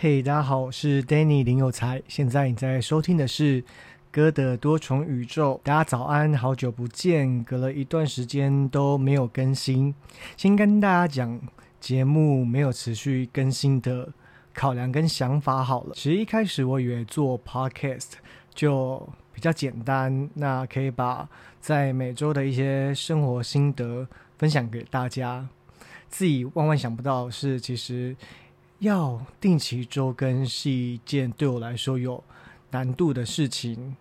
嘿、hey，大家好，我是 Danny 林有才。現在你在收聽的是《哥的多重宇宙》。大家早安，好久不見，隔了一段時間都沒有更新，先跟大家講節目沒有持續更新的考量跟想法好了。其實一開始我以為做 podcast 就比較簡單，那可以把在每週的一些生活心得分享給大家，自己萬萬想不到是其實。要定期週更是一件對我來說有難度的事情，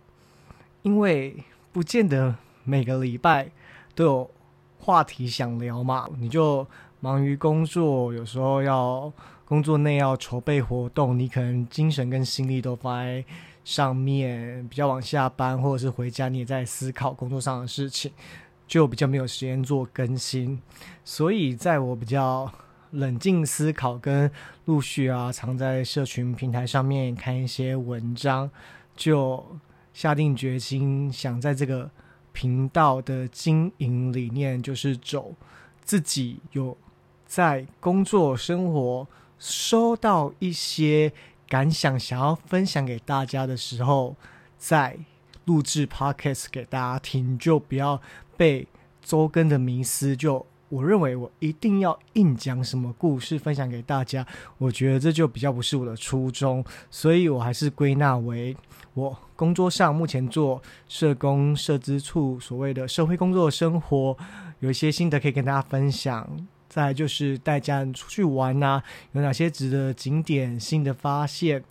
因為不見得每個禮拜都有話題想聊嘛。你就忙於工作，有時候要工作內要籌備活動，你可能精神跟心力都放在上面。比較晚下班，或者是回家，你也在思考工作上的事情，就比較沒有時間做更新。所以，在我比較。冷靜思考，跟陸續啊，常在社群平台上面看一些文章，就下定決心，想在這個頻道的經營理念，就是走自己有在工作生活收到一些感想，想要分享給大家的時候，再錄製 podcast 給大家聽，就不要被週更的迷思就。我認為我一定要硬講什麼故事分享給大家，我覺得這就比較不是我的初衷，所以我還是歸納為我工作上目前做社工社資處所謂的社會工作生活有一些心得可以跟大家分享。再就是帶家人出去玩啊，有哪些值得景點新的發現，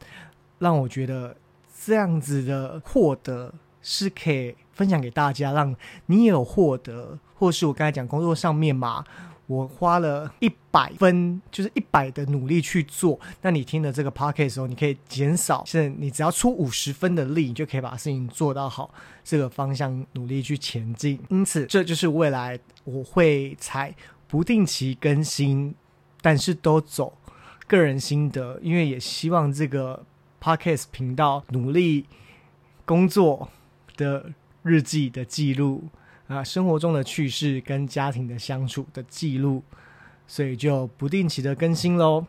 讓我覺得這樣子的獲得是可以分享給大家，讓你也有獲得。或是我剛才講工作上面嘛，我花了一百分，就是一百的努力去做。那你聽了這個 podcast 時、哦、候，你可以減少，是你只要出五十分的力，你就可以把事情做到好，這個方向努力去前進。因此，這就是未來我會採不定期更新，但是都走個人心得，因為也希望這個 podcast 頻道努力工作的日記的記錄。啊，生活中的趣事跟家庭的相處的記錄，所以就不定期的更新嘍。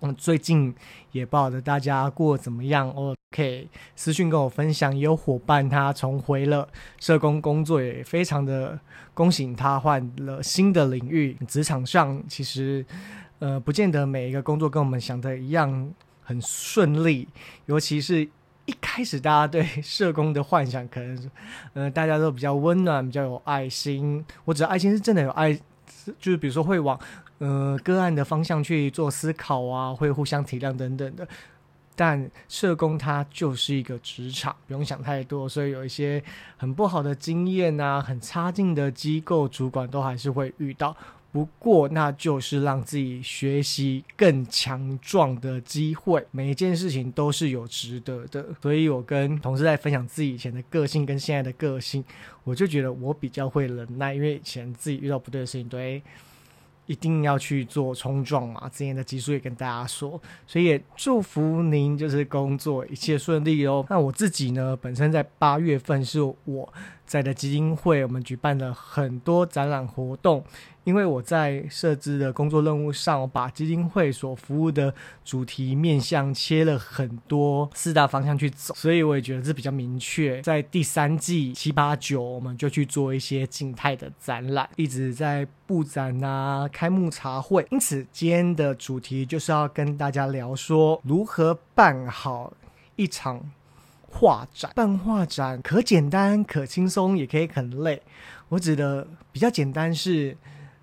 嗯，最近也不曉得大家過怎麼樣？OK，私訊跟我分享，也有夥伴他重回了社工工作，也非常的恭喜他換了新的領域。職場上其實，呃，不見得每一個工作跟我們想的一樣很順利，尤其是。一開始大家對社工的幻想可能是，呃，大家都比較溫暖，比較有愛心。我只知道愛心是真的有愛，就是比如說會往，呃，個案的方向去做思考啊，會互相體諒等等的。但社工它就是一個職場，不用想太多，所以有一些很不好的經驗啊，很差勁的機構主管都還是會遇到。不過，那就是讓自己學習更強壯的機會。每一件事情都是有值得的，所以我跟同事在分享自己以前的個性跟現在的個性，我就覺得我比較會忍耐，因為以前自己遇到不對的事情，對，一定要去做衝撞嘛。今天的基數也跟大家說，所以也祝福您就是工作一切順利哦。那我自己呢，本身在八月份是我。在的基金會，我們舉辦了很多展覽活動。因為我在設置的工作任務上，我把基金會所服務的主題面向切了很多四大方向去走，所以我也覺得這比較明確。在第三季七八九，我們就去做一些靜態的展覽，一直在布展啊、開幕茶會。因此，今天的主題就是要跟大家聊說如何辦好一場。畫展，辦畫展可簡單可輕鬆，也可以很累。我指的比較簡單是，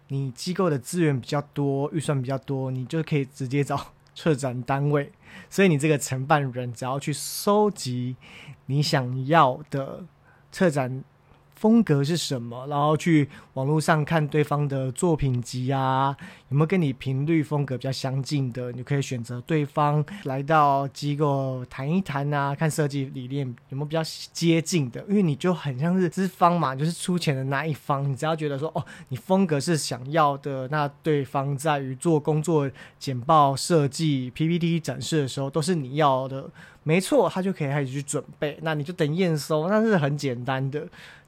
你機構的資源比較多，預算比較多，你就可以直接找策展單位。所以你這個承辦人只要去蒐集你想要的策展，風格是什麼？然後去網絡上看對方的作品集啊，有沒有跟你頻率風格比較相近的？你可以選擇對方來到機構談一談啊，看設計理念有沒有比較接近的。因為你就很像是資方嘛，就是出錢的那一方。你只要覺得說哦，你風格是想要的，那對方在於做工作簡報、設計 PPT 展示的時候都是你要的，沒錯，他就可以開始去準備。那你就等驗收，那是很簡單的。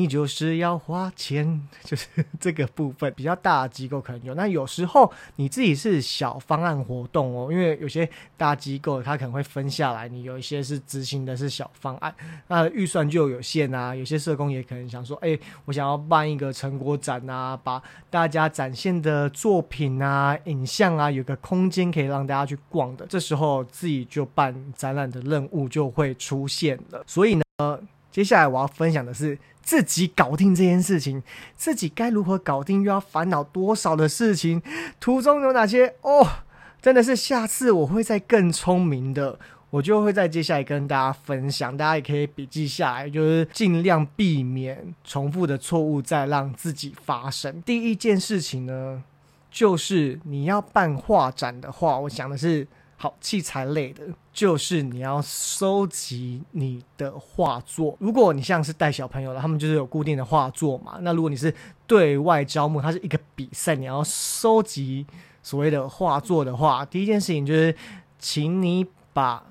你就是要花錢，就是這個部分比較大的機構可能有。那有時候你自己是小方案活動哦，因為有些大機構它可能會分下來，你有一些是執行的是小方案，那預算就有限啊。有些社工也可能想說，哎、欸，我想要辦一個成果展啊，把大家展現的作品啊、影像啊，有個空間可以讓大家去逛的。這時候自己就辦展覽的任務就會出現了。所以呢。接下來我要分享的是自己搞定這件事情，自己該如何搞定，又要煩惱多少的事情，途中有哪些哦，真的是下次我會再更聰明的，我就會在接下來跟大家分享，大家也可以筆記下來，就是盡量避免重複的錯誤再讓自己發生。第一件事情呢，就是你要辦畫展的話，我想的是。好，器材類的，就是你要收集你的畫作。如果你像是帶小朋友的，他們就是有固定的畫作嘛。那如果你是對外招募，它是一個比賽，你要收集所謂的畫作的話，第一件事情就是，請你把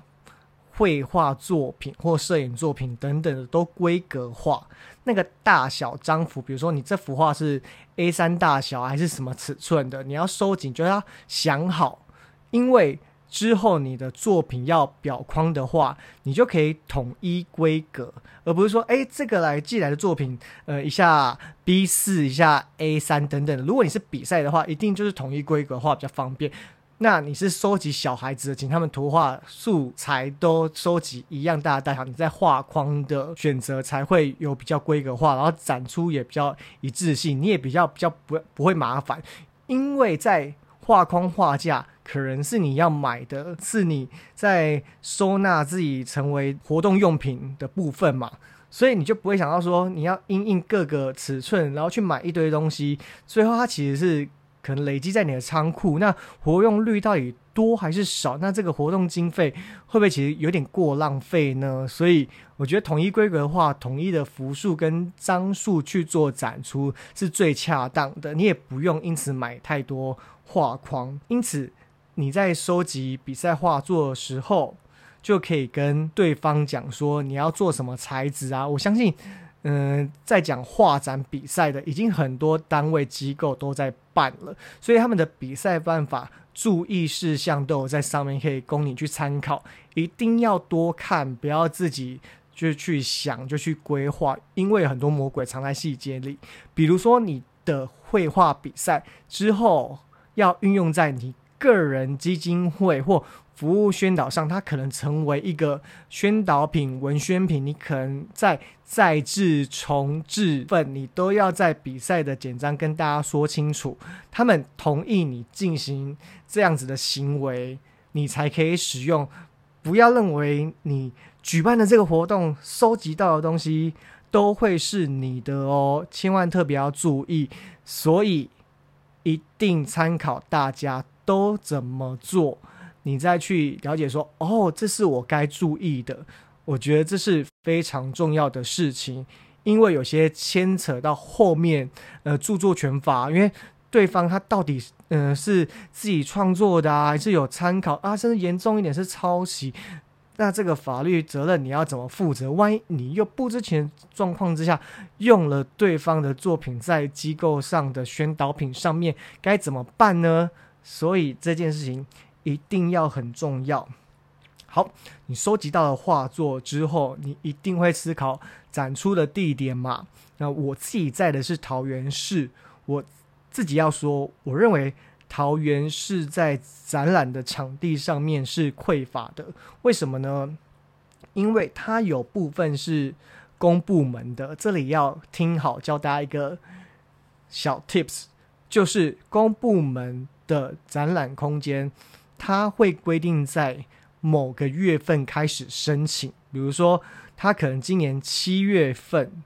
繪畫作品或攝影作品等等的都規格化，那個大小張幅，比如說你這幅畫是 A3 大小還是什麼尺寸的，你要收緊，就是要想好，因為。之後你的作品要裱框的話，你就可以統一規格，而不是說，誒這個來寄來的作品，呃，一下 B 四，一下 A 三等等。如果你是比賽的話，一定就是統一規格的話比較方便。那你是收集小孩子的，請他們圖畫素材都收集一樣大的大小，你在畫框的選擇才會有比較規格化，然後展出，也比較一致性，你也比較比較不不會麻煩，因為在。畫框、畫架可能是你要買的，是你在收納自己成為活動用品的部分嘛，所以你就不會想到說你要因應各個尺寸，然後去買一堆東西。最後它其實是可能累積在你的倉庫。那活用率到底多還是少？那這個活動經費會不會其實有點過浪費呢？所以我覺得統一規格的話，統一的幅數跟張數去做展出是最恰當的。你也不用因此買太多。畫框，因此你在收集比賽畫作的時候，就可以跟對方講說你要做什麼材質啊！我相信，嗯、呃，在講畫展比賽的，已經很多單位機構都在辦了，所以他們的比賽辦法注意事項都有在上面可以供你去參考。一定要多看，不要自己就去想就去規劃，因為很多魔鬼藏在細節裡。比如說你的繪畫比賽之後。要運用在你個人基金會或服務宣導上，它可能成為一個宣導品、文宣品。你可能在再製、重製份，你都要在比賽的簡章跟大家說清楚，他們同意你進行這樣子的行為，你才可以使用。不要認為你舉辦的這個活動收集到的東西都會是你的哦，千萬特別要注意。所以。一定參考大家都怎麼做，你再去了解說哦，這是我該注意的。我覺得這是非常重要的事情，因為有些牽扯到後面呃著作權法，因為對方他到底呃是自己創作的啊，還是有參考啊？甚至嚴重一點是抄襲。那這個法律責任你要怎麼負責？萬一你又不知情狀況之下用了對方的作品，在機構上的宣導品上面該怎麼辦呢？所以這件事情一定要很重要。好，你收集到了畫作之後，你一定會思考展出的地點嘛。那我自己在的是桃園市，我自己要說，我認為。桃園是在展覽的場地上面是匱乏的，為什麼呢？因為它有部分是公部門的，這裡要聽好，教大家一個小 tips，就是公部門的展覽空間，它會規定在某個月份開始申請，比如說它可能今年七月份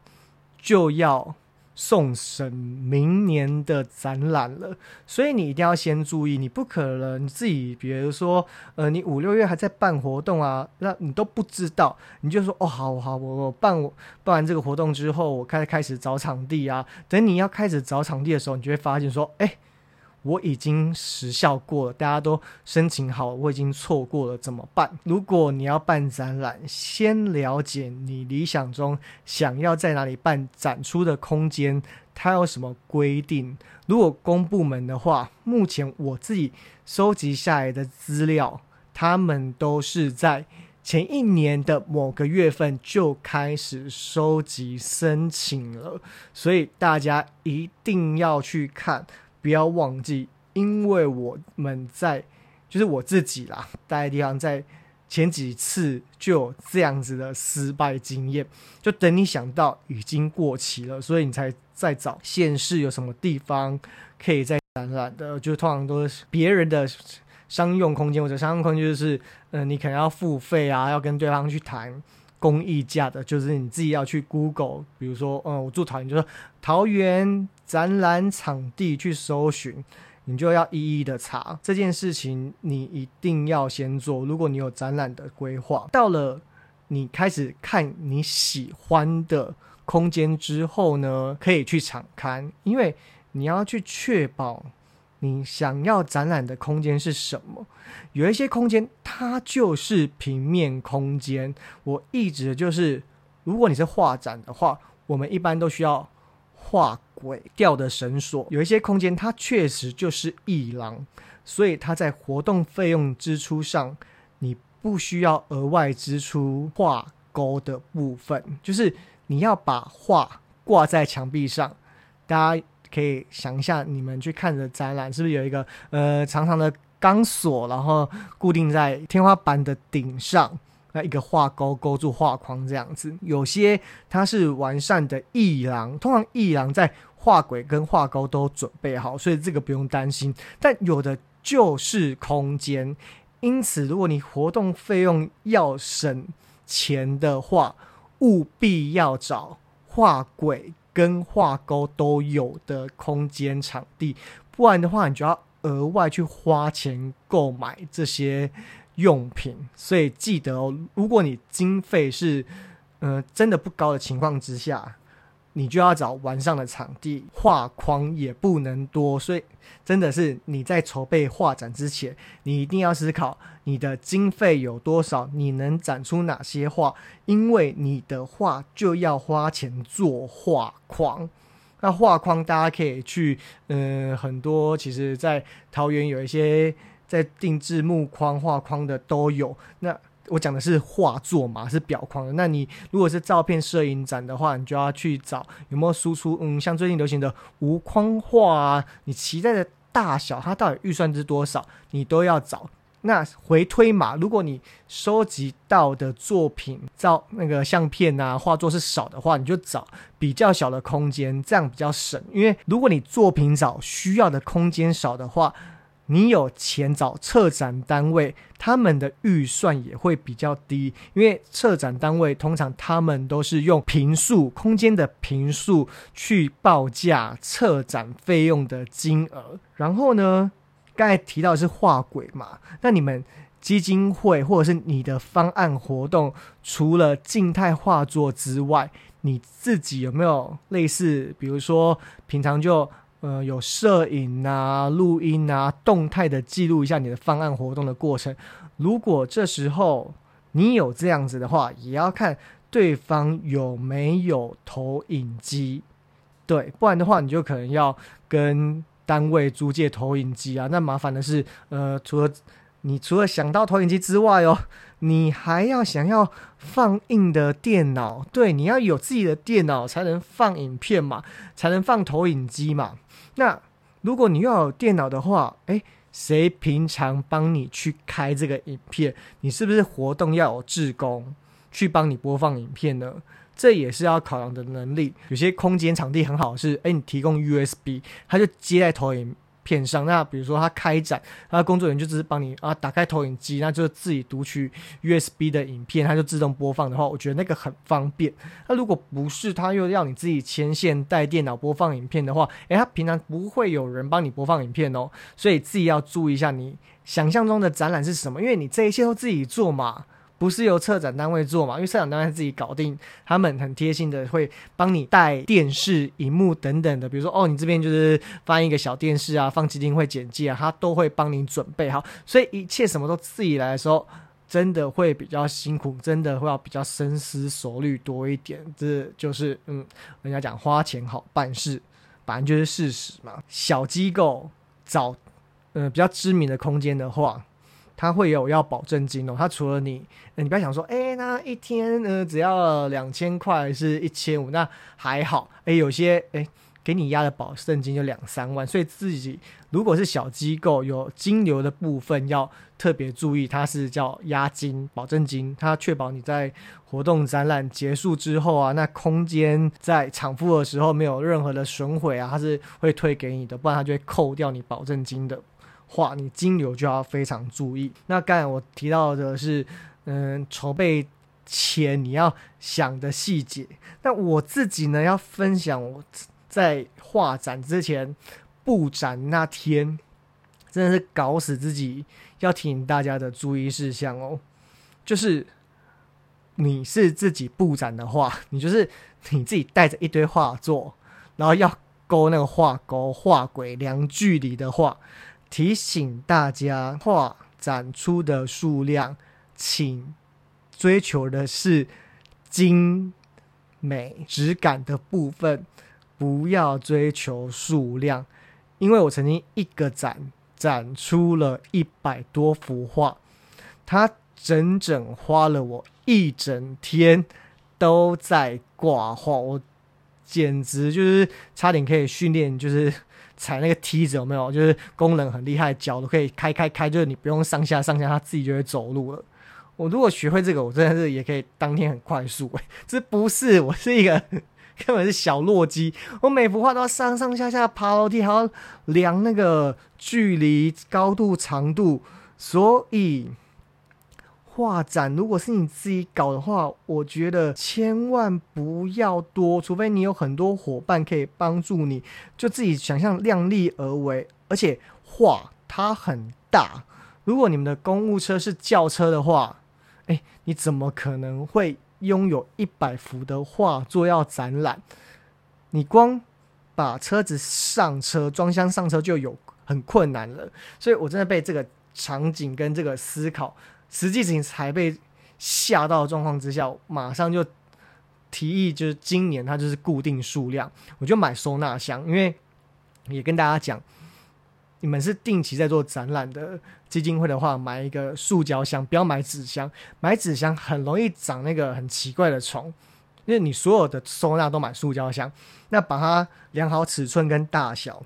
就要。送審明年的展覽了，所以你一定要先注意，你不可能自己，比如說，呃，你五六月還在辦活動啊，那你都不知道，你就說哦，好好，我，我辦我辦完這個活動之後，我開始開始找場地啊，等你要開始找場地的時候，你就會發現說，誒、欸。我已經時效過了，大家都申請好了，我已經錯過了，怎麼辦？如果你要辦展覽，先了解你理想中想要在哪裡辦展出的空間，它有什麼規定？如果公部門的話，目前我自己收集下來的資料，他們都是在前一年的某個月份就開始收集申請了，所以大家一定要去看。不要忘記，因為我們在，就是我自己啦，待的地方在前幾次就有這樣子的失敗經驗。就等你想到已經過期了，所以你才再找縣市有什麼地方可以再展覽的。就通常都是別人的商用空間或者商用空間，就是嗯、呃，你可能要付費啊，要跟對方去談公益價的，就是你自己要去 Google，比如說，嗯，我住桃園就說桃園。展覽場地去搜尋，你就要一一的查這件事情，你一定要先做。如果你有展覽的規劃，到了你開始看你喜歡的空間之後呢，可以去場勘，因為你要去確保你想要展覽的空間是什麼。有一些空間它就是平面空間，我一直就是，如果你是畫展的話，我們一般都需要。畫軌吊的繩索，有一些空間，它確實就是藝廊，所以它在活動費用支出上，你不需要額外支出畫鈎的部分，就是你要把畫掛在牆壁上。大家可以想一下，你們去看的展覽是不是有一個呃長長的鋼索，然後固定在天花板的頂上？一個畫鈎勾住畫框這樣子，有些它是完善的藝廊，通常，藝廊在畫軌跟畫鈎都準備好，所以這個不用擔心。但有的就是空間，因此如果你活動費用要省錢的話，務必要找畫軌跟畫鈎都有的空間場地，不然的話，你就要額外去花錢購買這些。用品，所以記得哦，如果你經費是，呃，真的不高的情況之下，你就要找完善的場地，畫框也不能多，所以真的是你在籌備畫展之前，你一定要思考你的經費有多少，你能展出哪些畫，因為你的畫就要花錢做畫框，那畫框大家可以去，嗯、呃，很多其實，在桃園有一些。在定製木框畫框的都有，那我講的是畫作嘛，是裱框的。那你如果是照片攝影展的話，你就要去找有沒有輸出，嗯，像最近流行的無框畫啊，你期待的大小，它到底預算是多少，你都要找。那回推嘛，如果你收集到的作品照那個相片啊畫作是少的話，你就找比較小的空間，這樣比較省。因為如果你作品找需要的空間少的話。你有錢找策展單位，他們的預算也會比較低，因為策展單位通常他們都是用坪數空間的坪數去報價策展費用的金額。然後呢，剛才提到的是畫軌嘛，那你們基金會或者是你的方案活動，除了靜態畫作之外，你自己有沒有類似，比如說平常就？呃，有攝影啊、錄音啊、動態的記錄一下你的方案活動的過程。如果這時候你有這樣子的話，也要看對方有沒有投影機。對，不然的話你就可能要跟單位租借投影機啊。那麻煩的是，呃，除了你除了想到投影機之外哦，你還要想要放映的電腦，對，你要有自己的電腦才能放影片嘛，才能放投影機嘛。那如果你要有電腦的話，誒，誰平常幫你去開這個影片？你是不是活動要有志工去幫你播放影片呢？這也是要考量的能力。有些空間場地很好是，誒，你提供 USB，它就接在投影。片商，那比如說他開展，他的工作人員就只是幫你啊打開投影機，那就自己讀取 USB 的影片，它就自動播放的話，我覺得那個很方便。那如果不是他又要你自己牽線帶電腦播放影片的話，誒、欸，他平常不會有人幫你播放影片哦，所以自己要注意一下你想象中的展覽是什麼，因為你這一切都自己做嘛。不是由策展單位做嘛？因為策展單位自己搞定，他們很貼心的會幫你帶電視、熒幕等等的。比如說，哦，你這邊就是放一個小電視啊，放基金會簡介啊，他都會幫你準備好。所以一切什麼都自己來的時候，真的會比較辛苦，真的會要比較深思熟慮多一點。這就是嗯，人家講花錢好辦事，反正就是事實嘛。小機構找嗯、呃、比較知名的空間的話。他會有要保證金哦，他除了你，你不要想說，欸，那一天，呢，只要兩千塊，是一千五，那還好。欸，有些，欸，給你押的保證金就兩三萬，所以自己如果是小機構，有金流的部分要特別注意，它是叫押金、保證金，它確保你在活動展覽結束之後啊，那空間在場付的時候沒有任何的損毀啊，它是會退給你的，不然它就會扣掉你保證金的。畫你金流就要非常注意。那剛才我提到的是，嗯，籌備前你要想的細節。那我自己呢，要分享我在畫展之前布展那天，真的是搞死自己。要提醒大家的注意事項哦、喔，就是你是自己布展的話，你就是你自己帶着一堆畫作，然後要勾那個畫勾畫軌量距離的話。提醒大家，畫展出的數量，請追求的是精美質感的部分，不要追求數量。因為我曾經一個展展出了一百多幅畫，它整整花了我一整天都在掛畫，我簡直就是差點可以訓練，就是。踩那個梯子有沒有？就是功能很厲害，腳都可以開開開，就是你不用上下上下，它自己就會走路了。我如果學會這個，我真的是也可以當天很快速、欸。哎，這不是我是一個，根本是小弱雞。我每幅畫都要上上下下爬樓梯，還要量那個距離、高度、長度，所以。畫展如果是你自己搞的話，我覺得千萬不要多，除非你有很多夥伴可以幫助你，就自己想象量力而為。而且畫它很大，如果你們的公務車是轎車的話，欸，你怎麼可能會擁有一百幅的畫作要展覽？你光把車子上車、裝箱上車就有很困難了。所以我真的被這個場景跟這個思考。實際事情才被嚇到的狀況之下，我馬上就提議，就是今年它就是固定數量，我就買收納箱。因為也跟大家講，你們是定期在做展覽的基金會的話，買一個塑膠箱，不要買紙箱。買紙箱很容易長那個很奇怪的蟲，因為你所有的收納都買塑膠箱，那把它量好尺寸跟大小，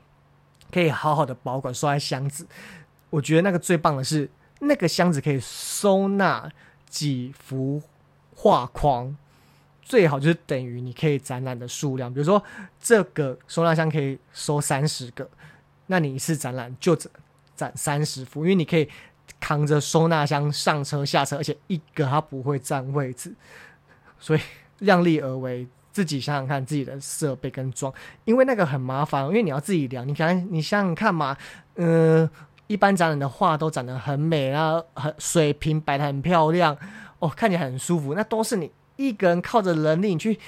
可以好好的保管，收在箱子。我覺得那個最棒的是。那個箱子可以收納幾幅畫框，最好就是等於你可以展覽的數量。比如說，這個收納箱可以收三十個，那你一次展覽就展三十幅，因為你可以扛着收納箱上車下車，而且一個它不會佔位置，所以量力而為。自己想想看自己的設備跟裝，因為那個很麻煩，因為你要自己量。你想，你想想看嘛，嗯。一般展覽的畫都長得很美啊，很水平擺得很漂亮哦，看起來很舒服。那都是你一個人靠着人力去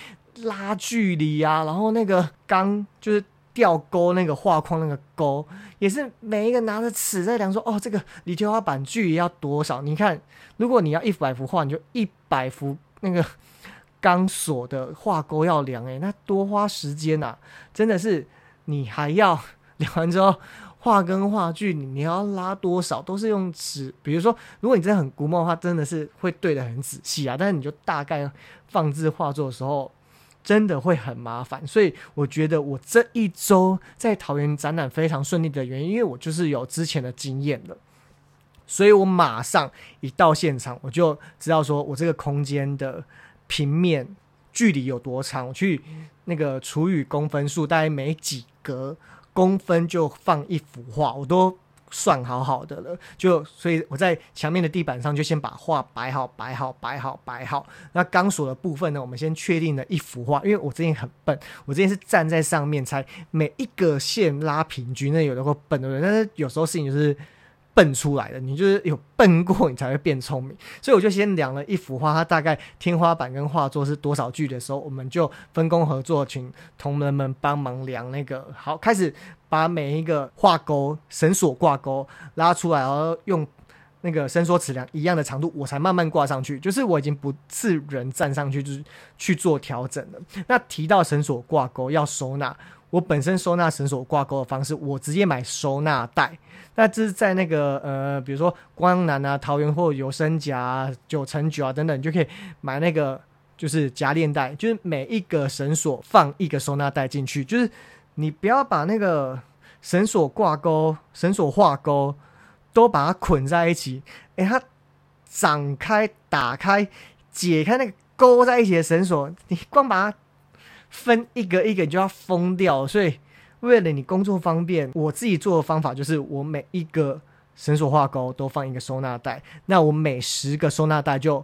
拉距離啊，然後那個鋼就是吊鈎那個畫框那個鈎，也是每一個拿着尺在量說哦，這個離天花板距離要多少？你看，如果你要一百幅畫，你就一百幅那個鋼索的畫鈎要量欸，那多花時間啊！真的是，你還要量完之後。畫跟畫劇，你要拉多少都是用尺。比如說，如果你真的很龜毛的話，真的是會對得很仔細啊。但是你就大概放置畫作的時候，真的會很麻煩。所以我覺得我這一周在桃園展覽非常順利的原因，因為我就是有之前的經驗了。所以我馬上一到現場，我就知道說我這個空間的平面距離有多長，我去那個除以公分數，大概沒幾格。公分就放一幅畫，我都算好好的了。就所以我在牆面的地板上就先把畫擺好，擺好，擺好，擺好。那鋼索的部分呢？我們先確定了一幅畫，因為我之前很笨，我之前是站在上面猜每一個線拉平均。那有的會笨的人，但是有時候事情就是。笨出來的，你就是有笨過，你才會變聰明。所以我就先量了一幅畫，它大概天花板跟畫作是多少距的時候，我們就分工合作，請同仁們幫忙量那個。好，開始把每一個畫鈎、繩索掛鈎拉出來，然後用那個伸縮尺量一樣的長度，我才慢慢掛上去。就是我已經不是人站上去，就是去做調整了。那提到繩索掛鈎要收納。我本身收納繩索掛鈎的方式，我直接買收納袋。那這是在那個呃，比如說光南啊、桃園或者有生家啊九成九啊等等，你就可以買那個就是夾鏈袋，就是每一個繩索放一個收納袋進去。就是你不要把那個繩索掛鈎、繩索掛鈎都把它捆在一起，誒、欸，它展開、打開、解開那個勾在一起的繩索，你光把它。分一個一個你就要瘋掉，所以為了你工作方便，我自己做的方法就是我每一個繩索掛鈎都放一個收納袋，那我每十個收納袋就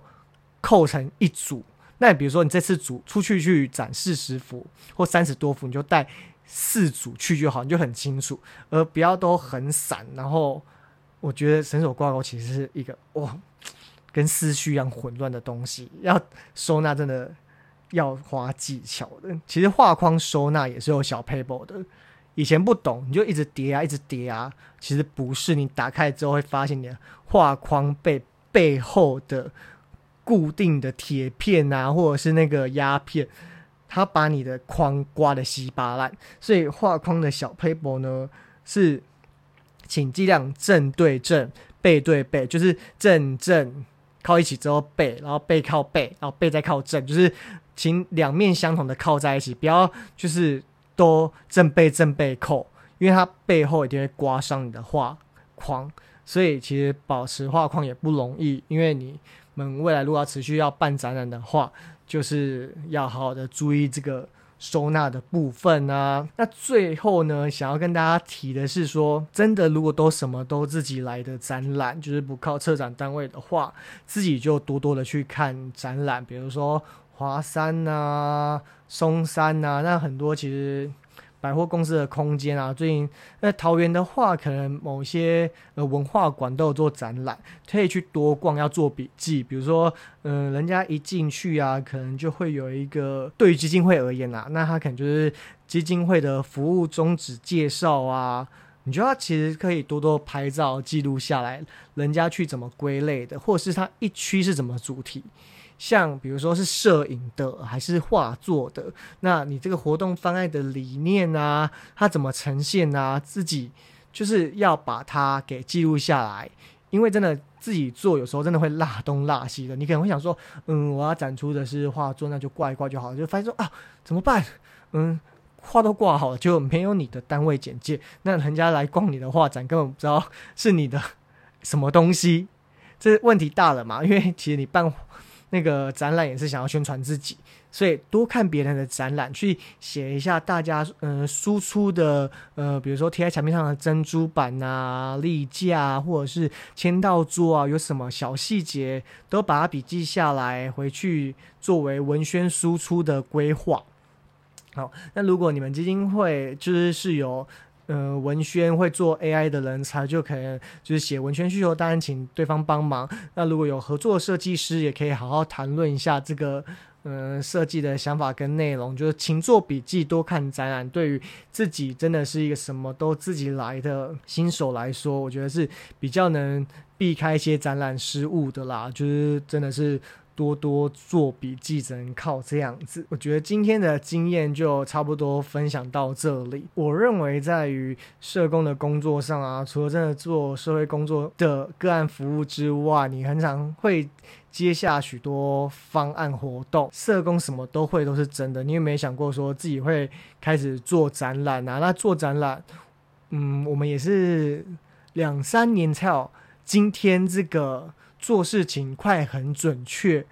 扣成一組。那比如說你這次組出去去展示十幅或三十多幅，你就帶四組去就好，你就很清楚，而不要都很散。然後我覺得繩索掛鈎其實是一個哦，跟思緒一樣混亂的東西，要收納真的。要花技巧的，其實畫框收納也是有小撇步的。以前不懂，你就一直疊啊，一直疊啊。其實不是，你打開之後會發現，你畫框背背後的固定的鐵片啊，或者是那個壓片，它把你的框刮得稀巴爛。所以畫框的小撇步呢，是請盡量正對正，背對背，就是正正靠一起之後背，然後背靠背，然後背再靠正，就是。請兩面相同的靠在一起，不要就是都正背正背扣。因為它背後一定會刮傷你的畫框，所以其實保持畫框也不容易。因為你們未來如果要持續要辦展覽的話，就是要好好的注意這個收納的部分啊。那最後呢，想要跟大家提的是說，真的如果都什麼都自己來的展覽，就是不靠策展單位的話，自己就多多的去看展覽，比如說。華山吶、啊，松山吶、啊，那很多其實百貨公司的空間啊，最近呃，桃園的話，可能某些呃文化館都有做展覽，可以去多逛，要做筆記。比如說，嗯、呃，人家一進去啊，可能就會有一個對於基金會而言吶、啊，那他可能就是基金會的服務宗旨介紹啊。你覺得他其實可以多多拍照記錄下來，人家去怎麼歸類的，或者是它一區是怎麼主題？像比如說是攝影的還是畫作的，那你這個活動方案的理念啊，它怎麼呈現啊？自己就是要把它給記錄下來，因為真的自己做有時候真的會落東落西的。你可能會想說，嗯，我要展出的是畫作，那就掛一掛就好了。就發現說啊，怎麼辦？嗯，畫都掛好了，就沒有你的單位簡介，那人家來逛你的畫展根本不知道是你的什麼東西，這問題大了嘛，因為其實你辦。那個展覽也是想要宣傳自己，所以多看別人的展覽，去寫一下大家嗯輸、呃、出的呃，比如說貼在牆面上的珍珠板吶、啊、立架、啊、或者是簽到桌啊，有什麼小細節都把它筆記下來，回去作為文宣輸出的規劃。好，那如果你們基金會就是是由。呃，文宣會做 AI 的人才就可以，就是寫文宣需求，當然請對方幫忙。那如果有合作設計師，也可以好好談論一下這個，呃，設計的想法跟內容。就是請做筆記，多看展覽，對於自己真的是一個什麼都自己來的新手來說，我覺得是比較能避開一些展覽失誤的啦。就是真的是。多多做筆記，只能靠這樣子。我覺得今天的經驗就差不多分享到這裡。我認為，在於社工的工作上啊，除了真的做社會工作的個案服務之外，你很常會接下許多方案活動。社工什麼都會，都是真的。你有沒有想過說自己會開始做展覽啊？那做展覽，嗯，我們也是兩三年才有今天這個。做事情快很準確，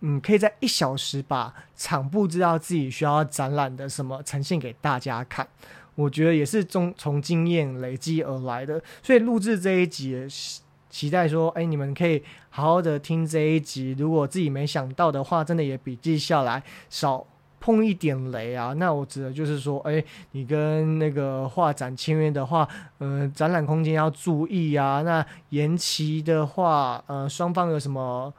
嗯，可以在一小時把場部知道自己需要展覽的什麼呈現給大家看。我覺得也是從從經驗累積而來的，所以錄制這一集，也期待說，哎、欸，你們可以好好的聽這一集。如果自己沒想到的話，真的也筆記下來，少碰一點雷啊，那我指的就是說，哎、欸，你跟那個畫展簽約的話，嗯、呃，展覽空間要注意啊。那延期的話，呃，雙方有什麼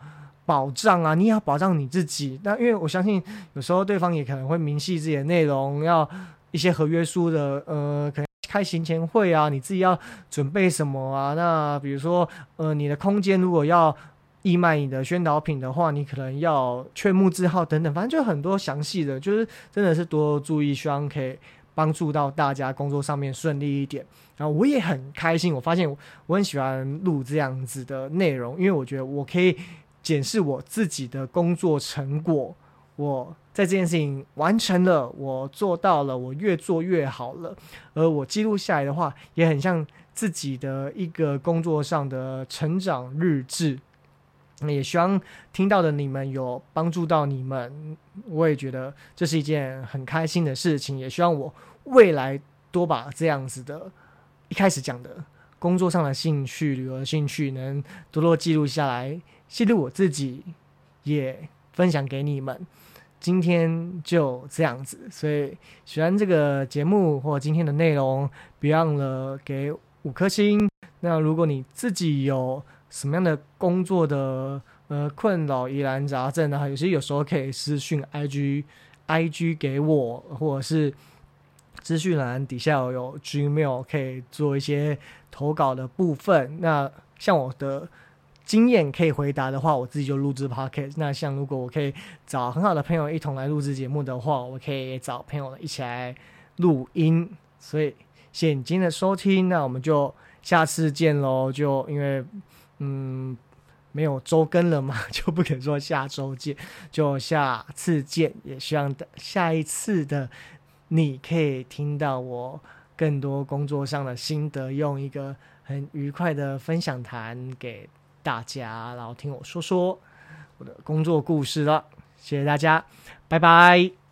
保障啊？你也要保障你自己。那因為我相信，有時候對方也可能會明細自己的內容，要一些合約書的，呃，可能開行前會啊，你自己要準備什麼啊？那比如說，呃，你的空間如果要義賣你的宣導品的話，你可能要勸募字號等等，反正就很多詳細的，就是真的是多多注意，希望可以幫助到大家工作上面順利一點。然後我也很開心，我發現我很喜歡錄這樣子的內容，因為我覺得我可以檢視我自己的工作成果。我在這件事情完成了，我做到了，我越做越好了。而我記錄下來的話，也很像自己的一個工作上的成長日志。也希望聽到的你們有幫助到你們，我也覺得這是一件很開心的事情。也希望我未來多把這樣子的一開始講的工作上的興趣、旅遊的興趣，能多多記錄下來，記錄我自己，也分享給你們。今天就這樣子，所以喜歡這個節目或今天的內容，別忘了給五顆星。那如果你自己有，什麼樣的工作的呃困擾、疑難雜症然後，有些有時候可以私訊 IG、IG 給我，或者是資訊欄底下有有 Gmail 可以做一些投稿的部分。那像我的經驗可以回答的話，我自己就錄製 Podcast。那像如果我可以找很好的朋友一同來錄製節目的話，我可以找朋友一起來錄音。所以謝謝你今天的收聽，那我們就下次見嘍。就因為。嗯，沒有周更了嘛， 就不肯說下周見，就下次見。也希望下一次的你可以聽到我更多工作上的心得，用一個很愉快的分享談給大家，然後聽我說說我的工作故事了。謝謝大家，拜拜。